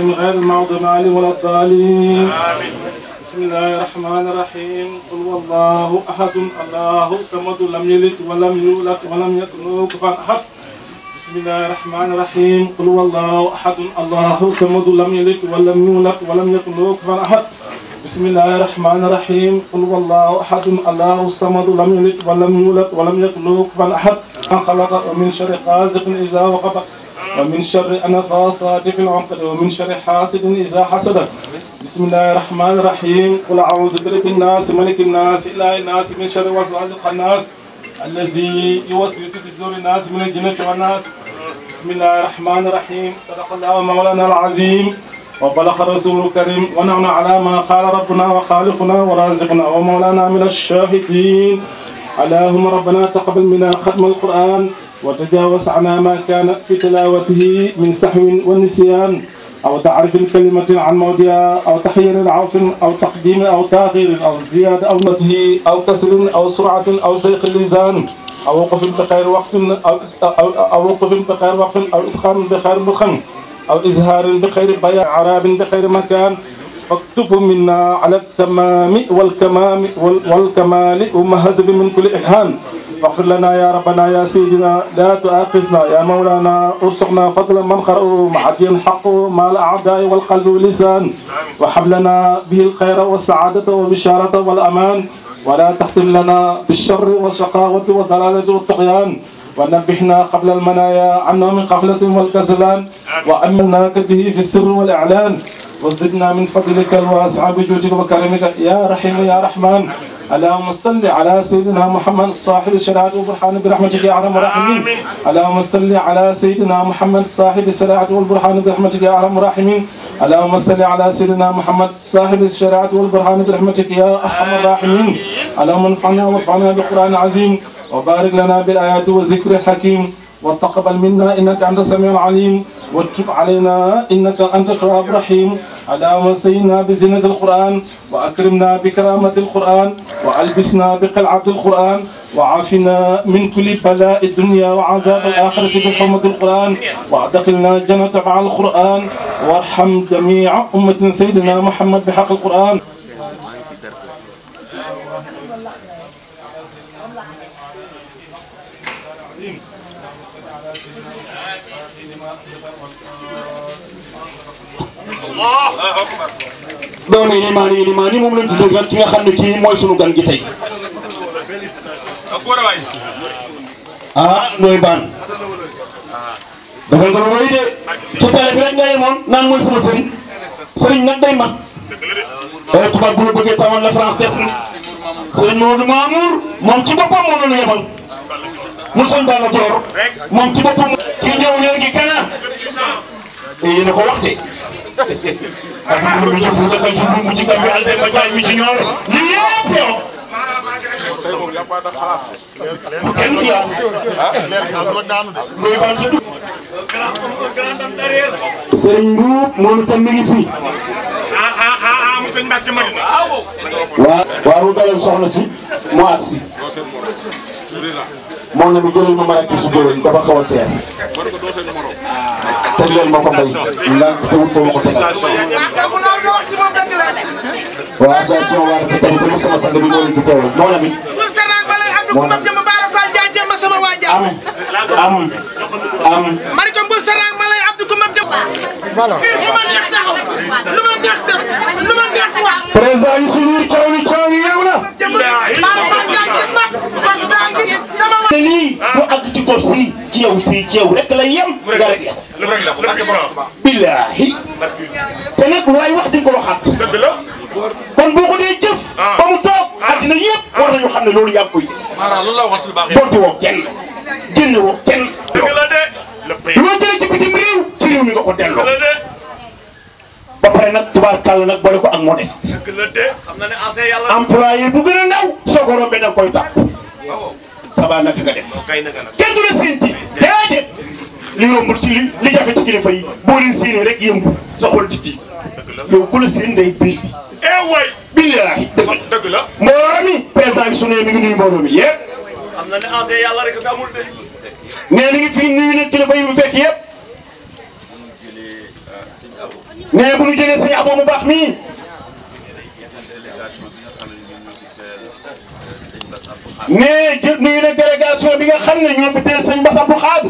الظالم غير المغضوب عليه ولا الضالين آمين بسم الله الرحمن الرحيم قل والله أحد الله صمد لم يلد ولم يولد ولم يكن له كفوا أحد بسم الله الرحمن الرحيم قل والله أحد الله صمد لم يلد ولم يولد ولم يكن له كفوا أحد بسم الله الرحمن الرحيم قل والله احد الله الصمد لم يلد ولم يولد ولم يكن له كفوا احد من خلق ومن شر غازق اذا وقب ومن شر النفاثات في العقد ومن شر حاسد إذا حسد بسم الله الرحمن الرحيم قل أعوذ برب الناس ملك الناس إله الناس من شر وسواس الخناس الذي يوسوس في صدور الناس من الجنة والناس بسم الله الرحمن الرحيم صدق الله مولانا العظيم وبلغ الرسول الكريم ونعم على ما قال ربنا وخالقنا ورازقنا ومولانا من الشاهدين اللهم ربنا تقبل منا ختم القرآن وتجاوز عنا ما كان في تلاوته من سحو ونسيان أو تعرف الكلمة عن موضعها أو تحير عوف أو تقديم أو تاخير أو زيادة أو نتهي أو كسر أو سرعة أو سيق اللزان أو وقف بخير وقف أو, أو, أو وقف بخير وقف أو إدخان بخير مخن أو إزهار بخير بيع عراب بخير مكان اكتب منا على التمام والكمام والكمال ومهزب من كل إحان فاغفر لنا يا ربنا يا سيدنا لا تؤاخذنا يا مولانا ارزقنا فضلا من خرأه مع الدين الحق مع الاعداء والقلب واللسان وحب لنا به الخير والسعاده والبشاره والامان ولا تختم لنا بالشر والشقاوه والضلاله والطغيان ونبهنا قبل المنايا عنا من قفله والكسلان وامناك به في السر والاعلان وزدنا من فضلك الواسع بجودك وكرمك يا رحيم يا رحمن اللهم صل على سيدنا محمد صاحب الشرعات والبرهان برحمتك يا أرحم الراحمين اللهم صل على سيدنا محمد صاحب الشرعات والبرهان برحمتك يا أرحم الراحمين اللهم صل على سيدنا محمد صاحب الشرعات والبرهان برحمتك يا أرحم الراحمين اللهم انفعنا وارفعنا بالقرآن العظيم وبارك لنا بالآيات والذكر الحكيم وتقبل منا إنك أنت السميع العليم وتب علينا إنك أنت التواب الرحيم اللهم وصينا بزينة القرآن وأكرمنا بكرامة القرآن وألبسنا بقلعة القرآن وعافنا من كل بلاء الدنيا وعذاب الآخرة بحرمة القرآن وأدخلنا الجنة مع القرآن وارحم جميع أمة سيدنا محمد بحق القرآن doon yi limaan yi limaan yi moom lañ tuddee ki nga xam ne kii mooy sunu gan gi tey ah nooy baan dafay ko doon de ci télé bi rek nga yemoon naan mooy sama sëriñ sëriñ nag day mat eh, tubaab bu la bëggee tawal la France des na sëriñ Maodo Mamour moom ci boppam moo doon yemal mu son daal la joor moom ci boppam. ki ñëw léegi kana eh, yéen a ko wax ak Mamadou Diop ah ah ah ah, ci Gambie Albert Badiane mi ci ñoom ñun ñëpp yow. bu kenn di yaatu. muy bant. Serigne Ndiour Ah, ah, ah, ah, fi. waaw waaw mu dalal soxna si mu àgg si. moom la ñu jëloon ma maraîchage su góor dafa xaw a seer. te loolu moo ko béy laaj te wut foo ma ko tegal. waaw association waa RAPET tamit sama sang bi moo leen ci teewal moo nami. moo nami. am am am. Marika Mbour Sarang ma lay Abdou Koumba Diop. voilà. lu ma neex taxaw lu ma neex def lu ma neex wax. président yi suñuy coow li coow yi yow la. te lii mu àgg ci gox si ci yow si ci yow rek la yem nga réglé ko. billaahi te nag lu ay wax di nga ko waxaat kon boo ko dee jëf ah. ba mu toog ah. àddina ah. war nañu xam ne loolu yaa ngi koy def bonte woo kenn génne woo kenn loo jëlee ci bitim réew ci réew mi nga ko delloo ba pare nag tubaarkàlla nag boole ko ak modeste employé bu gën a ndaw soo ko rombee da nga koy tàpp sabaa naka nga def kenn du la séenti li yombul ci li li jafe ci kilifa yi boo leen séenee rek yëngu sa xol di tiit yow ku la séen day biir bi. eh waay. billaahi dëgg la. mbooloo mi su ne mi ngi nuyu mbooloo mi yëpp. xam na ne ancien yàlla rek mi ngi fi yi mu fekk yëpp. mais bu ñu jëlee sëñ Abo mu baax mii. mais jël nuyu na délégation bi nga xam ne ñoo fi teel sëñ Bass Abdou Khadre.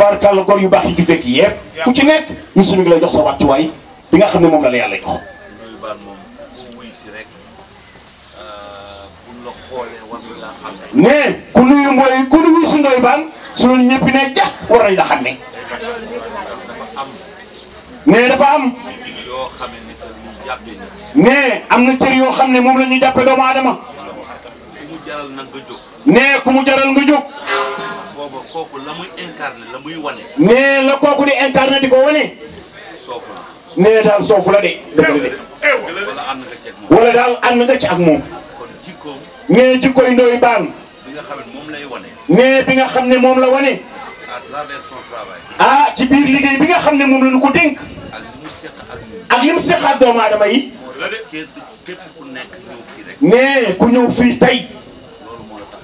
tubaarkàlla gor yu baax yi ci fekk yépp ku ci nekk Youssou mi ngi lay jox sa wàccuwaay bi nga xam ne moom la la yàlla jox. nuyu moom ku si rek euh, buñ la xoolee war nañ laa xam ne. mais ku nuyu Ndoye ku nuyu si Ndoye Bane su loolu ñëpp ne jàpp war xam ne. mais dafa am. am na cër yoo xam ne moom la ñuy jàppee doomu aadama. mais ku mu jaral nga jóg. booba kooku la muy la muy wane. nee la kooku di incarné di ko wane. soofu la. nee daal soofu la de. dëgg de wala ànd nga ci ak moom. wala daal ànd nga ci ak moom. kon jikkoom. nee jikkooy Ndoye Bane. bi nga xam ne moom lay wane. nee bi nga xam ne moom la wane. à son travail. ah ci biir liggéey bi nga xam ne moom la ñu ko dénk. ak li mu seq ak ñoom. ak li mu seq ak doomu aadama yi. nee ku ñëw fii tey.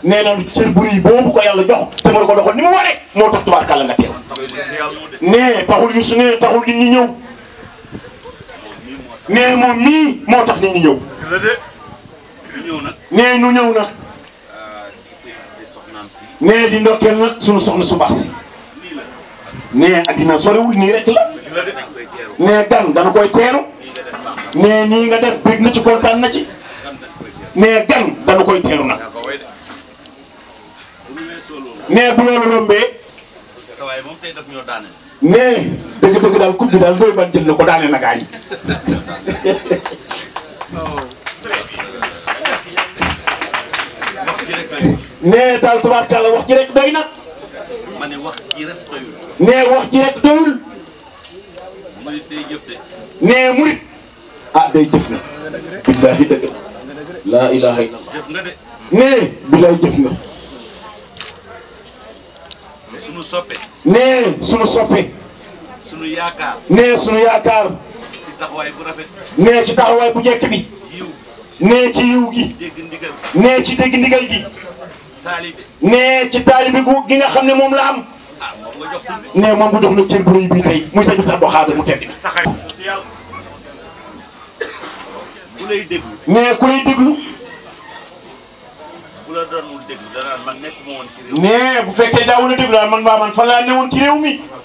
nee na cër bu rëy boobu ko yàlla jox te ma ko doxal ni mu waree moo tax tubaarkàlla nga teew nee taxul Youssou nee taxul nit ñëw nee moom mii moo tax nit ñi ñëw nee ñu ñëw na nee di ndokkeel nag suñu soxna su baax si nee addina soriwul nii rek la nee gan dañu koy teeru nee nii nga def bëgg na ci kontaan na ci nee gan dañu koy teeru nag. nee bu loolu rombee. sa waay moom nee daal coupe bi ko daane na gaañ. nee daal tubaarkàlla wax ji rek doy na. ma wax ji rek doyul. nee wax ji ah day jëf na. billaahi dëgg laa ilaaha illallah. nee billaay jëf nga. sunu soppe. nee sunu soppe. sunu yaakaar. nee sunu yaakaar. ci taxawaay bu rafet. nee ci taxawaay bu njëkk bi. yiw nee ci yiw gi. dégg ndigal nee ci dégg ndigal gi. taalibe nee ci taalibe gu gi nga xam ne moom la am. ah moom nga jox tur bi. nee moom nga muy sëñ bi sax mu tedd. saxaar. ku lay déglu. la doon déglu danaan man nekkuma woon ci réew mi. nee bu fekkee daawul a déglu daal man maa man fan laa newoon ci réew mi.